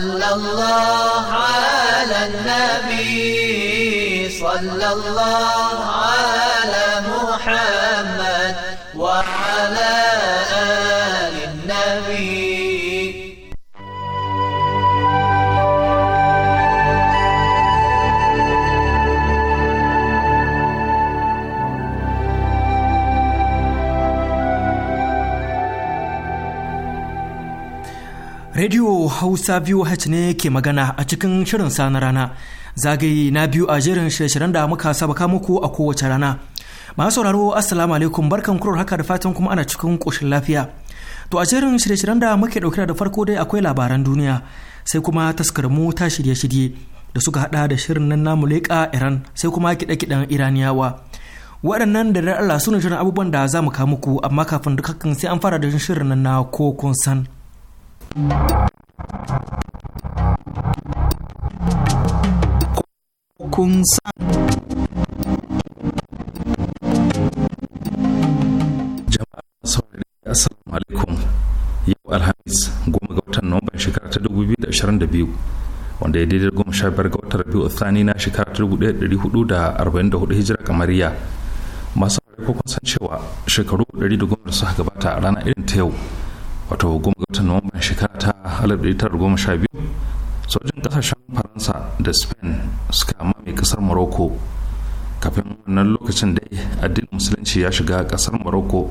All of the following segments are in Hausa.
صلى الله على النبي صلى الله عليه Radio Hausa biyu VOH ne ke magana a cikin shirin sa na rana. Zagaye na biyu a jerin shirye da muka sabaka muku a kowace rana. Masu sauraro Assalamu alaikum barkan kurar haka da fatan kuma ana cikin ƙoshin lafiya. To a jerin shirye da muke ɗauke da farko dai akwai labaran duniya sai kuma taskarmu ta shirye-shirye da suka hada da shirin nan namu leƙa Iran sai kuma kiɗe-kiɗen Iraniyawa. Waɗannan da Allah su ne shirin abubuwan da za mu ka muku amma kafin dukkan sai an fara da shirin nan na kokon san. Kun san. Jama'a saurari Assalamu alaikum yau Alhamis goma ga watan Nuwamban shekara ta 2022 wanda ya daidai goma sha biyar ga watan Rabiu Thani na shekara ta 1444 hijira kamariya. Masu saurari kun san cewa shekaru da goma da suka gabata a rana irin ta yau wato hukumar watan nuwamban shekara ta biyu sojin kasashen faransa da spain suka mame kasar morocco kafin wannan lokacin da addinin musulunci ya shiga kasar morocco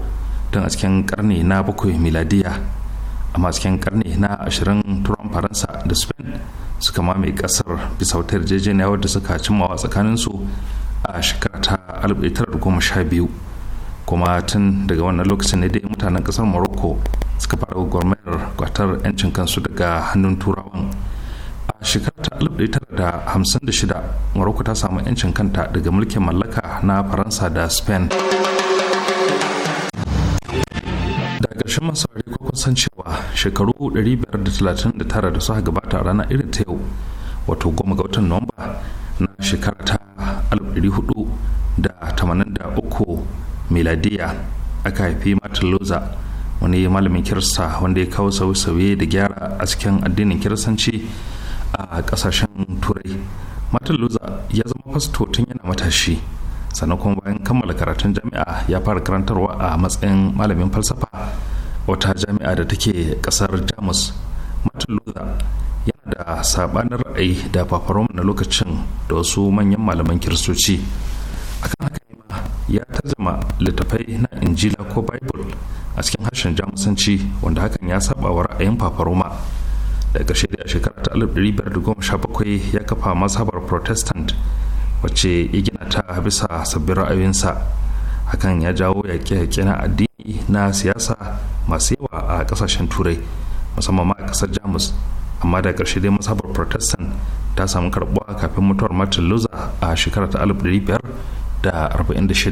don a cikin karni na bakwai miladiya amma cikin karni na ashirin turan faransa da spain suka mame kasar bisa wata yarjejeniya wadda suka cimmawa tsakaninsu a shekara ta biyu. kuma tun daga wannan lokacin ne dai mutanen kasar morocco suka fara gwamnatar kwatar 'yancin kansu daga hannun turawan a shekarar ta 1956 morocco ta samu 'yancin kanta daga mulkin mallaka na faransa da spain ƙarshen masu ko kusan cewa shekaru 539 da suka gabata a ranar irin ta yau wato goma ga watan nuwamba na shekara ta 1483 miladiya aka haifi martin luther wani malamin kirista wanda ya kawo sauye-sauye da gyara a cikin addinin kiristanci a kasashen turai martin luther ya zama fasto tun yana matashi sannan kuma bayan kammala karatun jami'a ya fara karantarwa a matsayin malamin falsafa wata jami'a da take kasar jamus martin luther yana da sabanin ra'ayi da fafaroma na lokacin da wasu manyan malaman kiristoci ya zama littafai na injila ko bible a cikin harshen jamusanci wanda hakan ya saba wa ra'ayin fafaroma da ƙarshe a shekara ta 1517 ya kafa mazhabar protestant wacce ya gina ta bisa sabbin ra'ayoyinsa hakan ya jawo yaƙe-yaƙe na addini na siyasa masu yawa a ƙasashen turai musamman ma a ƙasar jamus amma da ƙarshe dai mazhabar protestant ta samu karɓuwa kafin mutuwar martin luther a shekara ta 1500 da 46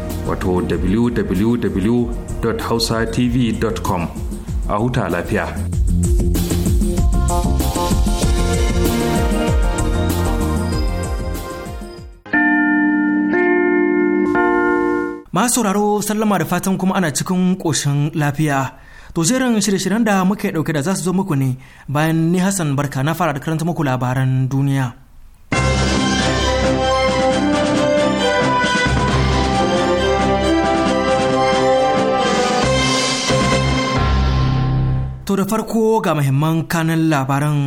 wato www.hausatv.com a huta lafiya. Masu sauraro sallama da fatan kuma ana cikin ƙoshin lafiya. To jerin shirye-shiryen da muke ɗauke da za su zo muku ne bayan ni Hassan Barka na fara da karanta muku labaran duniya. To da farko ga mahimman kanan labaran.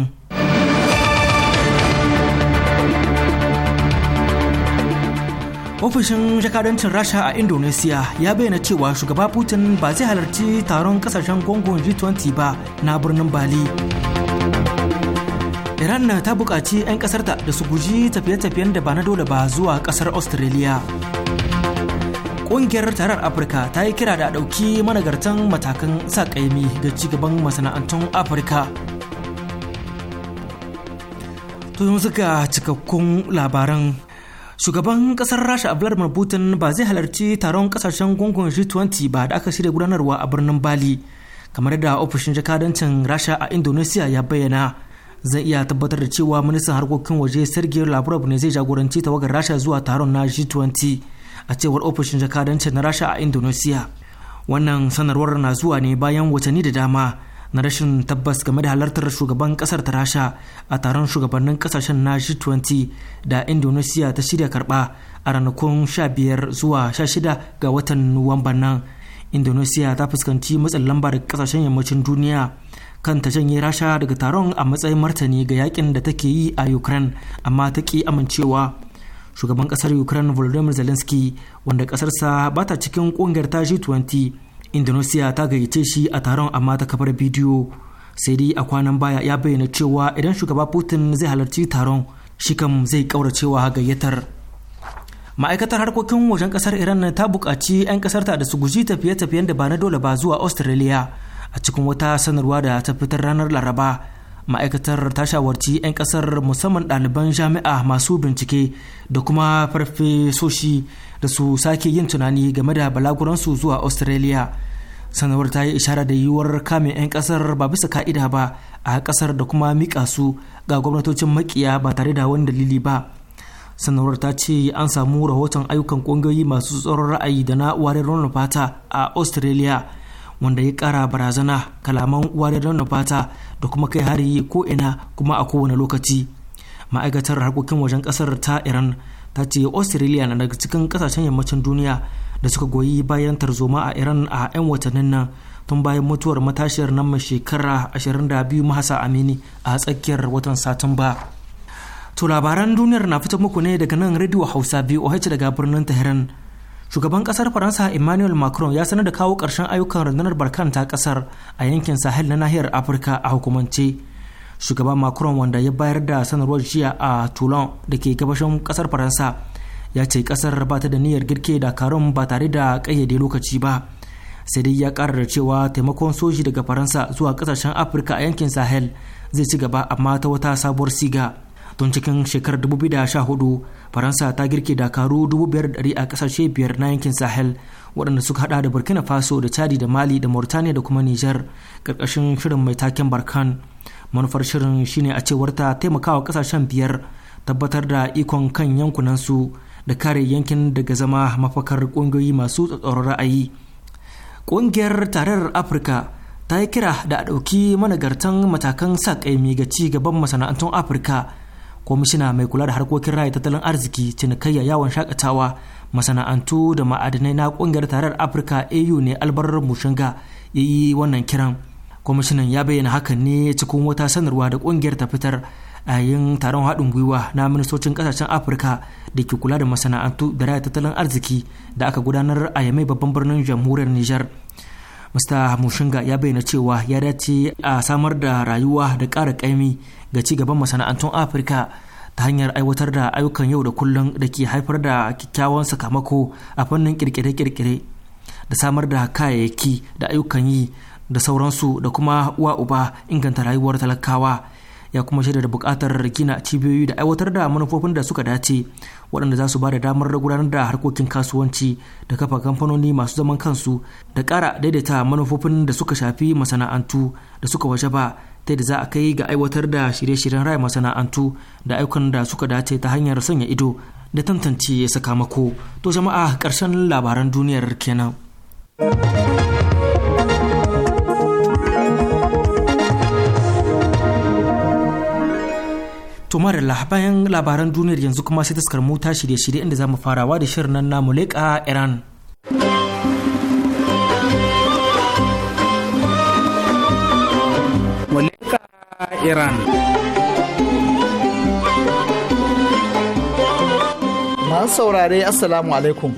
Ofishin jakadancin Rasha a Indonesia ya bayyana cewa shugaba Putin ba zai halarci taron kasashen gongon G20 ba na birnin Bali. Iran ta buƙaci 'yan ƙasarta da su guji tafiye-tafiyen da ba na dole ba zuwa ƙasar Australia. ƙungiyar tarar afirka ta yi kira da ɗauki managartan matakan sa ƙaimi ga cigaban masana'antun afirka tun suka cikakkun labaran shugaban kasar rasha vladimir putin ba zai halarci taron kasashen gungun g20 ba da aka shirya gudanarwa a birnin bali kamar da ofishin jakadancin rasha a indonesia ya bayyana zai iya tabbatar da cewa ministan harkokin waje sergei lavrov ne zai jagoranci tawagar rasha zuwa taron na g20 a cewar ofishin jakadancin na rasha a indonesia wannan sanarwar na zuwa ne bayan watanni da dama na rashin tabbas game da halartar shugaban kasar ta rasha a taron shugabannin kasashen na g20 da indonesia ta shirya karba a ranakun 15 zuwa 16 ga watan nuwamban nan indonesia ta fuskanci matsin lamba daga kasashen yammacin duniya kan ta janye rasha daga taron a matsayin martani ga yakin da take yi a ukraine amma ta ki amincewa shugaban kasar ukraine volodymyr zelensky wanda kasarsa ba ta cikin kungiyar ta g20 indonesia ta gayyace shi a taron amma ta kafar bidiyo sai dai a kwanan baya ya bayyana cewa idan shugaba putin zai halarci taron shi kam zai kauracewa gayyatar ma'aikatar harkokin wajen kasar iran ta bukaci 'yan kasarta da su guji tafiye-tafiyen da ba na dole ba zuwa australia a cikin wata sanarwa da ta fitar ranar laraba ma'aikatar ta shawarci 'yan kasar musamman ɗaliban jami'a masu bincike da kuma farfesoshi da su sake yin tunani game da balaguransu zuwa australia sanarwar ta yi ishara da yiwuwar kame 'yan kasar ba bisa ka'ida ba a kasar da kuma mika su ga gwamnatocin makiya ba tare da wani dalili ba sanarwar ta ce an samu rahoton ayyukan ƙungiyoyi masu tsoron ra'ayi da na warin fata a australia wanda ya kara barazana kalaman wariyar da fata da kuma kai hari ko ina kuma a kowane lokaci ma'aikatar harkokin wajen kasar ta iran ta ce australia na daga cikin kasashen yammacin duniya da suka goyi bayan tarzoma a iran a 'yan watannin nan tun bayan mutuwar matashiyar nan mai shekara 22 mahasa amini a tsakiyar watan satumba to labaran duniyar na fita muku ne daga nan radio hausa voh daga birnin tehran shugaban kasar faransa emmanuel macron ya sanar da kawo ƙarshen ayyukan rundunar barkanta ta kasar a yankin sahel na nahiyar afirka a hukumance shugaban macron wanda ya bayar da sanarwar jiya a toulon da ke gabashin kasar faransa ya ce kasar ba ta da niyyar girke dakarun ba tare da ƙayyade lokaci ba sai dai ya ƙara da cewa taimakon soji daga faransa zuwa ƙasashen afirka a yankin sahel zai ci gaba amma ta wata sabuwar siga tun cikin shekarar 2014 faransa ta girke dakaru 5,100 a kasashe biyar na yankin sahel waɗanda suka hada da burkina faso da chadi da mali da mauritania da kuma niger ƙarƙashin shirin mai taken barkan manufar shirin shine a cewar ta taimakawa kasashen biyar tabbatar da ikon kan yankunansu da kare yankin daga zama mafakar ƙungiyoyi masu tsatsauran ra'ayi ƙungiyar tarayyar afirka ta yi kira da a ɗauki managartan matakan sa ƙaimi ga ci gaban masana'antun afirka kwamishina mai kula da harkokin raya tattalin arziki cinikayya yawon shakatawa masana'antu da ma'adinai na kungiyar tarar afirka au ne albarar mushinga ya yi wannan kiran kwamishinan ya bayyana hakan ne cikin wata sanarwa da kungiyar ta fitar a yin taron haɗin gwiwa na ministocin kasashen afirka da ke kula da masana'antu da raya tattalin arziki da aka gudanar a yamai babban birnin jamhuriyar nijar mr mushinga ya bayyana cewa ya dace a samar da rayuwa da ƙara ƙaimi ga ci gaban masana'antun afirka ta hanyar aiwatar da ayyukan yau da kullum da ke haifar da kyakkyawan sakamako a fannin kirkire-kirkire da samar da kayayyaki da ayyukan yi da sauransu da kuma uwa uba inganta rayuwar talakawa ya kuma shaida da buƙatar gina cibiyoyi da aiwatar da manufofin da suka dace waɗanda za su ba da damar gudanar da harkokin kasuwanci da kafa kamfanoni masu zaman kansu da ƙara daidaita manufofin da suka shafi masana'antu da suka waje ba ta yadda za a kai ga aiwatar da shirye-shiryen rayu masana'antu da ayyukan da suka dace ta hanyar sanya ido da tantance sakamako to jama'a ƙarshen labaran duniyar kenan. To marilla bayan labaran duniyar yanzu kuma sai taskar mota shirye-shirye inda zamu farawa da shirin nan namu leƙa Iran. Iran. Masu saurare Assalamu alaikum.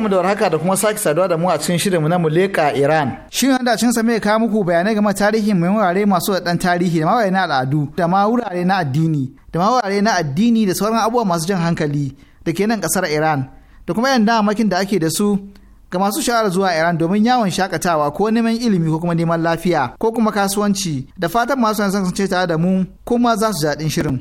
mu da warhaka da kuma sake saduwa da mu a cikin shirinmu na Muleka Iran. Shirin da cin sa mai kawo muku bayanai game tarihi mai wurare masu da tarihi da mawaye na al'adu da ma wurare na addini da ma wurare na addini da sauran abubuwa masu jan hankali da ke nan kasar Iran da kuma yan damakin da ake da su ga masu sha'awar zuwa Iran domin yawon shakatawa ko neman ilimi ko kuma neman lafiya ko kuma kasuwanci da fatan masu yanzu sun ce tare da mu kuma za su jaɗin shirin.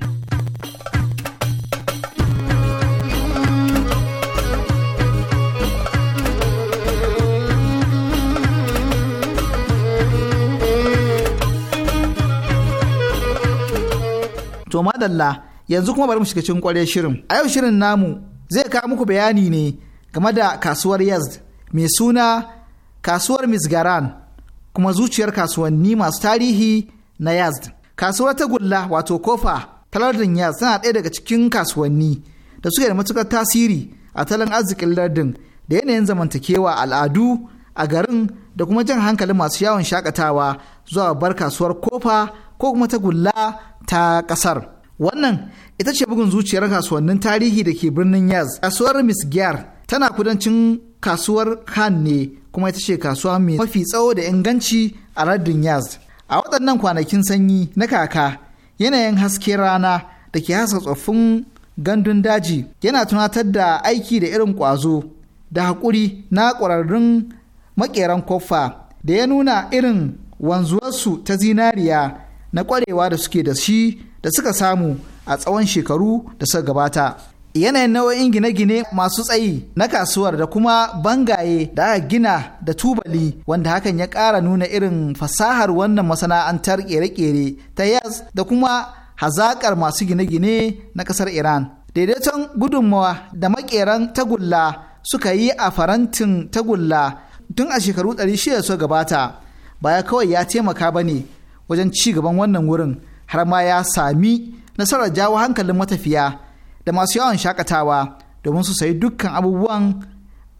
To madalla yanzu kuma bari mu shiga cikin kwarai shirin. A yau shirin namu zai kawo muku bayani ne game da kasuwar Yazd mai suna kasuwar Misgaran kuma zuciyar kasuwanni masu tarihi na Yazd. Kasuwar tagulla wato kofa ta lardin Yazd tana ɗaya daga cikin kasuwanni da suke da matukar tasiri a talan arzikin lardin da yanayin zamantakewa al'adu a garin da kuma jan hankalin masu yawon shakatawa zuwa bar kasuwar kofa ko kuma ta gulla ta ƙasar. Wannan ita ce bugun zuciyar kasuwannin tarihi da ke birnin Yaz. Kasuwar Miss Gyar tana kudancin kasuwar Khan ne kuma ita ce kasuwa mai mafi tsawo da inganci a lardin Yaz. A waɗannan kwanakin sanyi na kaka yanayin hasken rana da ke hasa tsoffin gandun daji yana tunatar da aiki da irin ƙwazo da haƙuri na ƙwararrun maƙeran koffa da ya nuna irin wanzuwarsu ta zinariya na kwarewa da suke da shi da suka samu a tsawon shekaru da suka gabata. Yanayin nau'in gine-gine masu tsayi na kasuwar da kuma bangaye da aka gina da tubali wanda hakan ya ƙara nuna irin fasahar wannan masana'antar ƙere-ƙere ta yas da kuma hazaƙar masu gine-gine na ƙasar Iran. Daidaiton gudunmawa da maƙeran tagulla suka yi a farantin tagulla tun a shekaru 600 gabata baya kawai ya taimaka ba ne wajen ci gaban wannan wurin har ma ya sami nasarar jawo hankalin matafiya da masu yawan shakatawa domin su sayi dukkan abubuwan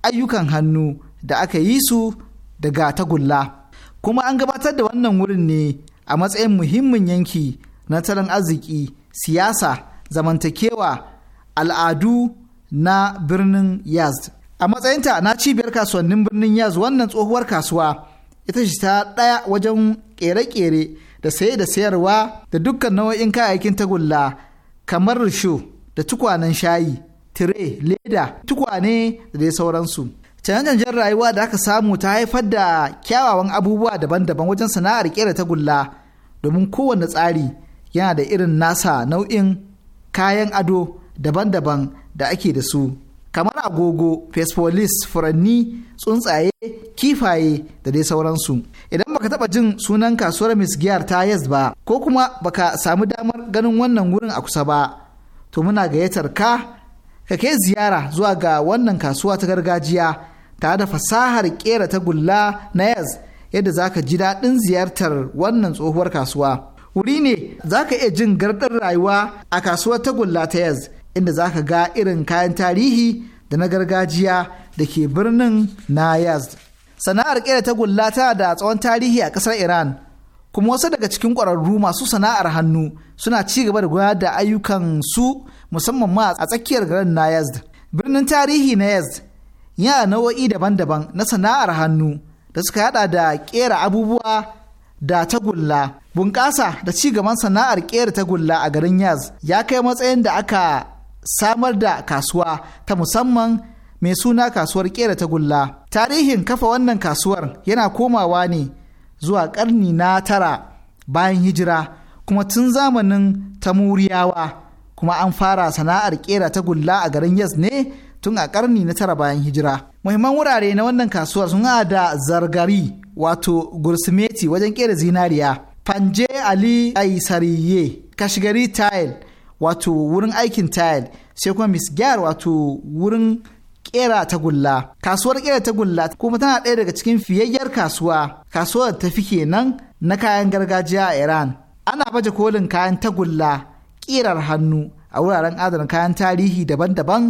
ayyukan hannu da aka yi su daga tagulla kuma an gabatar da wannan wurin ne a matsayin muhimmin yanki na tattalin arziki siyasa zamantakewa al'adu na birnin yaz a matsayinta na cibiyar kasuwannin birnin yaz wannan tsohuwar kasuwa ita ce ta ɗaya wajen ƙere-ƙere da saye da sayarwa da dukkan nau'in kayayyakin tagulla kamar risho da tukwanen shayi tire leda tukwane da dai sauransu canjen rayuwa da aka samu ta haifar da kyawawan abubuwa daban-daban wajen sana'ar ƙera tagulla domin kowane tsari yana da irin nasa nau'in kayan ado daban-daban da ake da su kamar agogo fesfolis furanni tsuntsaye kifaye da dai sauransu idan baka taba jin sunan kasuwar giyar ta yes ba ko kuma baka samu damar ganin wannan wurin a kusa ba to muna gayyatar ka ka kai ziyara zuwa ga wannan kasuwa ta gargajiya tare da fasahar kera tagulla na yes yadda zaka ji daɗin ziyartar wannan tsohuwar kasuwa wuri ne za ka iya jin gardar rayuwa a kasuwar tagulla ta yes inda za ka ga irin kayan tarihi da na gargajiya da ke birnin na Yazd. Sana'ar ƙera tagulla tana da tsawon tarihi a ƙasar Iran, kuma wasu daga cikin ƙwararru masu sana'ar hannu suna ci gaba da gudanar da ayyukan su musamman ma a tsakiyar garin na Yazd. Birnin tarihi na Yazd yana nau'o'i daban-daban na sana'ar hannu da suka hada da kera abubuwa da tagulla. Bunƙasa da ci gaban sana'ar ƙera tagulla a garin Yaz ya kai matsayin da aka samar da kasuwa ta musamman mai suna kasuwar kera tagulla tarihin kafa wannan kasuwar yana komawa ne zuwa ƙarni na tara bayan hijira kuma tun zamanin ta tamuriyawa kuma an fara sana'ar kera tagulla a garin yas ne tun a karni na tara bayan hijira muhimman wurare na wannan kasuwar sun da zargari wato gursimeti wajen kera zinariya fanje ali aisariye kashigari tile wato wurin aikin tile sai kuma gyar wato wurin kera tagulla kasuwar kera tagulla kuma tana ɗaya daga cikin fiyayyar kasuwa kasuwar tafi kenan na kayan gargajiya a iran ana baje kolin kayan tagulla kirar hannu a wuraren adana kayan tarihi daban-daban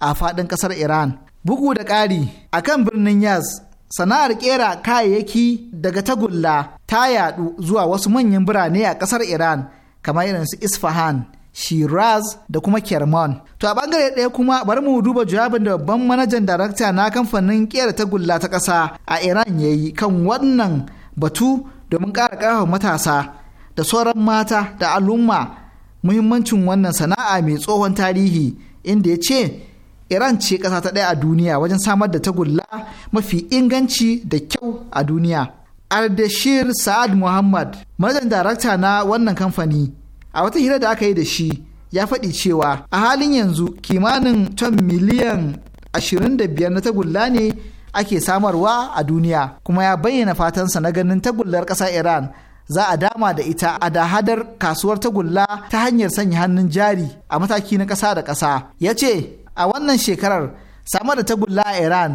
a faɗin ƙasar iran bugu da ƙari a kan birnin yaz sana'ar kera kayayyaki daga tagulla ta yadu zuwa wasu manyan birane a ƙasar iran kamar irin su isfahan Shiraz da kuma Kerman. To a bangare ɗaya kuma bari mu duba jawabin da babban manajan darakta na kamfanin kera tagulla ta ƙasa a Iran ya yi kan wannan batu domin ƙara ƙarfafa matasa da sauran mata da al'umma muhimmancin wannan sana'a mai tsohon tarihi inda ya ce Iran ce ƙasa ta ɗaya a duniya wajen samar da tagulla mafi inganci da kyau a duniya. Ardashir Sa'ad Muhammad, manajan darakta na wannan kamfani, a wata hira da aka yi da shi ya faɗi cewa a halin yanzu kimanin ton miliyan 25 na tagulla ne ake samarwa a duniya kuma ya bayyana fatansa na ganin tagullar ƙasar iran za a dama da ita a da hadar kasuwar tagulla ta hanyar sanya hannun jari a mataki na ƙasa da ƙasa ya ce a wannan shekarar samar da tagulla a iran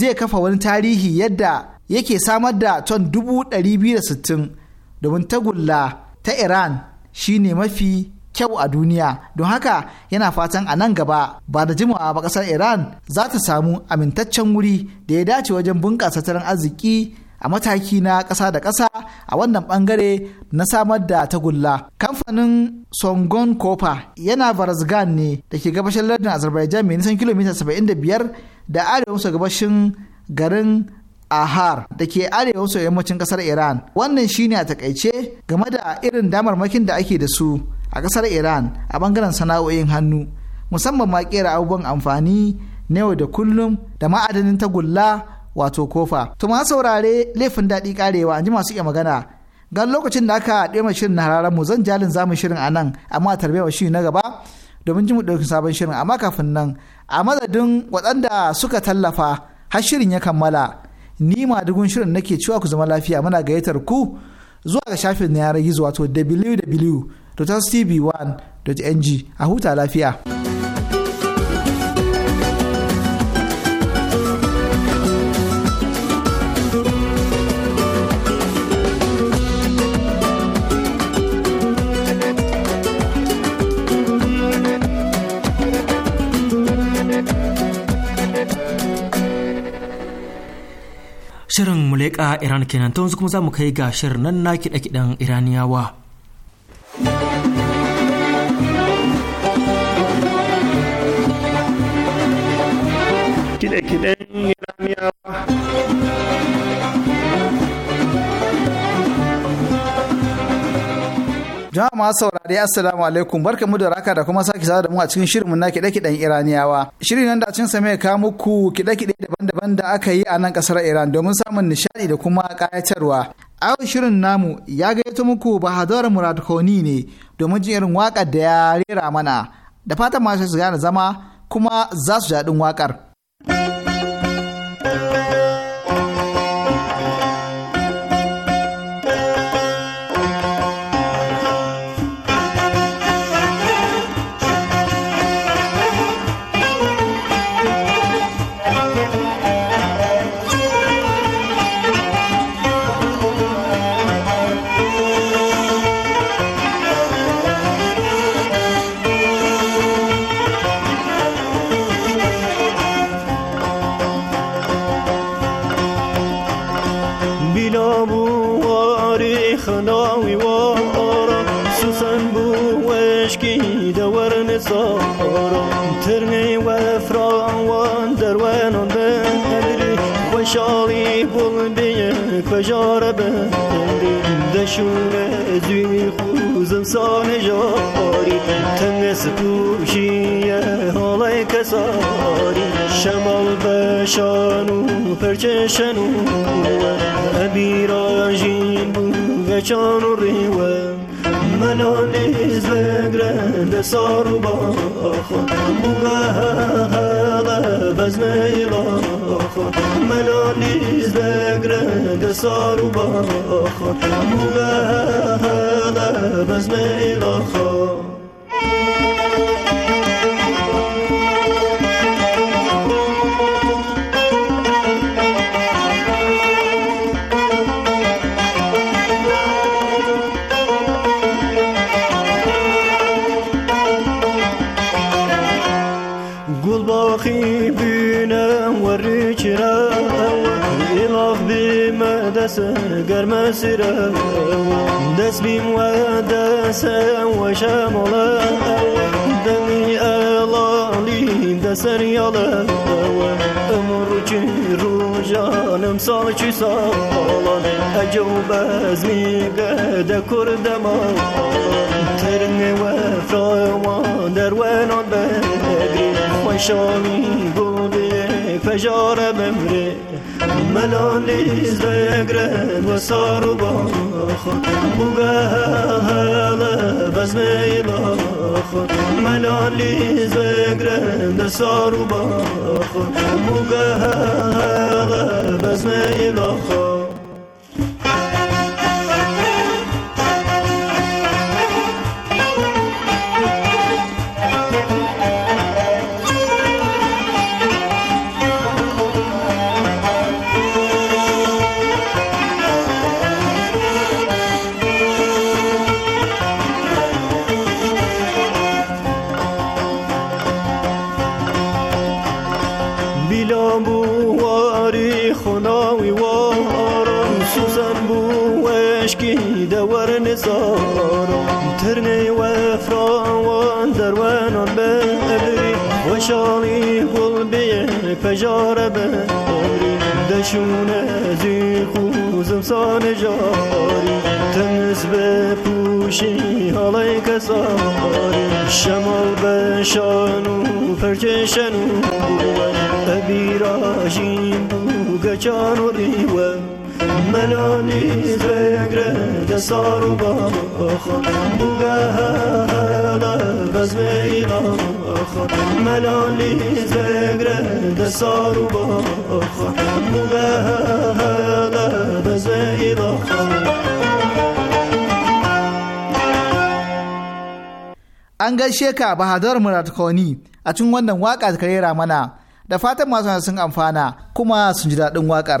zai kafa wani tarihi yadda yake samar da ton 260 domin tagulla ta iran shine mafi kyau a duniya don haka yana fatan a nan gaba ba da jimawa ba kasar iran za ta samu amintaccen wuri da ya dace wajen bunƙasa tattalin arziki a mataki na ƙasa da ƙasa a wannan bangare na samar da tagulla. Kamfanin Songon Kopa yana Barazgan ne da ke gabashin lardin Azerbaijan mai nisan kilomita 75 da arewa maso gabashin garin Ahar da ke arewa maso yammacin kasar Iran. Wannan shine a takaice game da irin damarmakin da ake da su a kasar Iran a bangaren sana'o'in hannu, musamman ma kera abubuwan amfani na yau da kullum da ma'adanin tagulla wato kofa. To ma saurare laifin daɗi karewa an ji masu iya magana. Gan lokacin da aka ɗema shirin na hararen mu zan jalin zamu shirin a nan amma tarbiyyar shi na gaba domin ji mu ɗauki sabon shirin amma kafin nan a madadin waɗanda suka tallafa har shirin ya kammala. ni ma madugun shirin nake cewa ku zama lafiya muna gayyatar ku zuwa ga shafin na yanar gizo wato www.tv1.ng a huta lafiya. leƙa Iran kenan ta yanzu kuma za mu kai ga shirin nan na kiɗe-kiɗen Iraniyawa. ma saurare assalamu alaikum barka mu da raka da kuma sake sada da mu a cikin shirinmu na kiɗe-kiɗen iraniyawa shirin nan da cin sa mai kawo muku kiɗe-kiɗe daban-daban da aka yi a nan ƙasar iran domin samun nishaɗi da kuma ƙayatarwa a shirin namu ya gayyato muku bahadur murad koni ne domin jin irin waƙar da ya rera mana da fatan masu su gane zama kuma za su jaɗin waƙar. بانو پرچشنو ابیرا ارجین بو و وچانو ریوه منان از بگرند سار و باخون مگهه بزنه باخون منان از بگرند سار و باخون بزن ایلا باخون سرا دس بيم ودس وشاملا دني ألالي دسر يلا أمر جانم سال چی سالان اجو بز میگه ده کردم ترن و فراوان در ونان بگری خوشانی گوده فجار بمره ملالی زگرن و سار و باخو بوگه هلا با باخو ملالی زگرن در سار و باخو بوگه بزمه با باخو ورنزارا ترني وفرا واندر ونال بأدري وشالي قلبي فجار بأدري دشون زي خوزم سان جاري تمز بپوشی حالای کساری شمال بشانو فرچشنو ابی راجین بو گچانو ریوه ملانی زگر دسار بزم ملانی بزم An gaishe ka Bahadur Murat Koni a cikin wannan waka da ka rera mana da fatan masu sun amfana kuma sun ji daɗin waƙar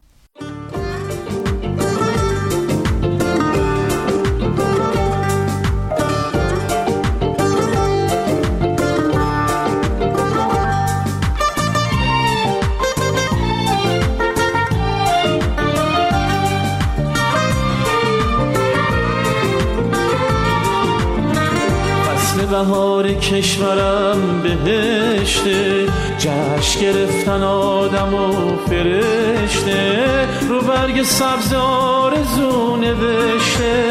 کشورم بهشته جشن گرفتن آدم و فرشته رو برگ سبز آرزو نوشته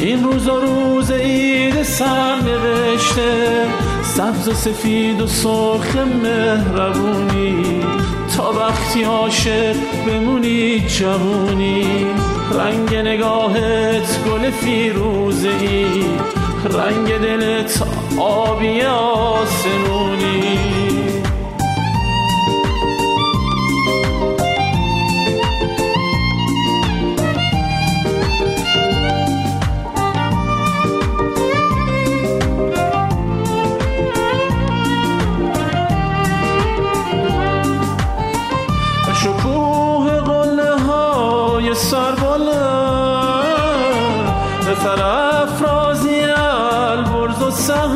این روز و روز عید سر نوشته سبز و سفید و سرخ مهربونی تا وقتی عاشق بمونی جوونی رنگ نگاهت گل فیروزه ای رنگ دلت objasnim. سهر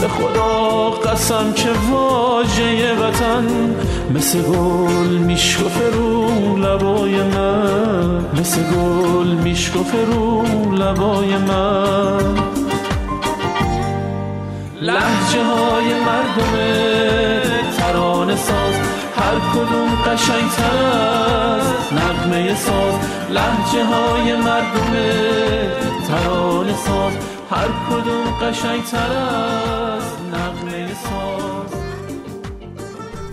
به خدا قسم که واژه وطن مثل گل میشکفه رو لبای من مثل گل میشکفه رو لبای من لحجه های مردم ترانه ساز هر کدوم قشنگ است نغمه ساز لحجه های مردم ترانه ساز هر کدوم قشنگ تر از نغمه ساز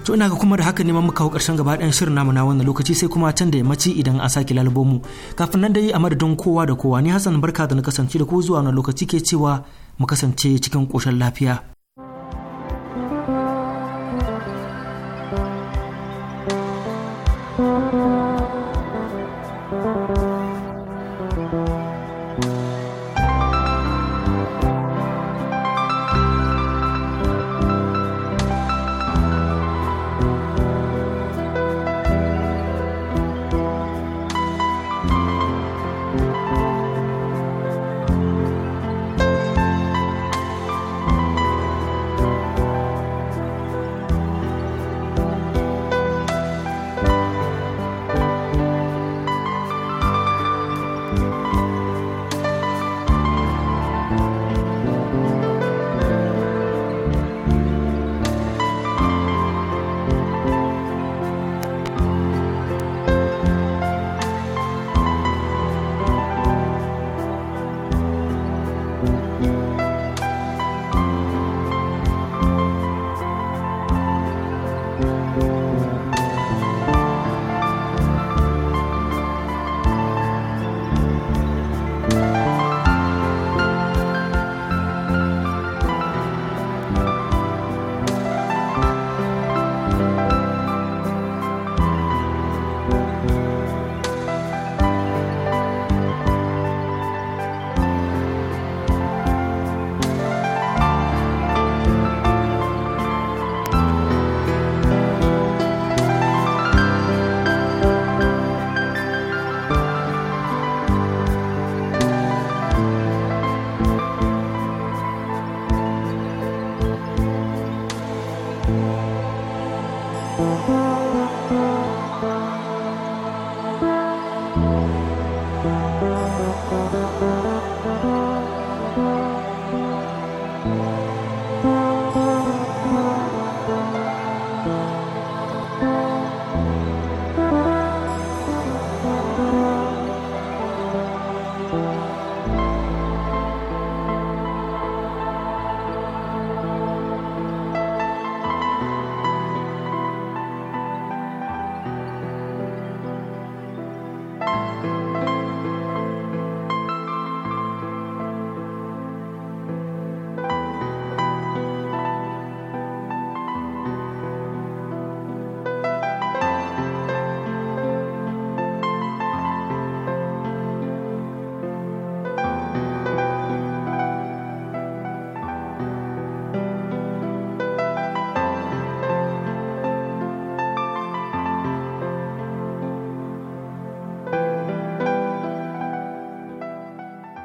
To ina ga kuma da haka neman muka hau ƙarshen gaba ɗayan shirin namu na wannan lokaci sai kuma can da yammaci idan an sake lalubo mu. Kafin nan dai a madadin kowa da kowa ni Hassan barka da na kasance da ku zuwa wannan lokaci ke cewa mu kasance cikin ƙoshin lafiya.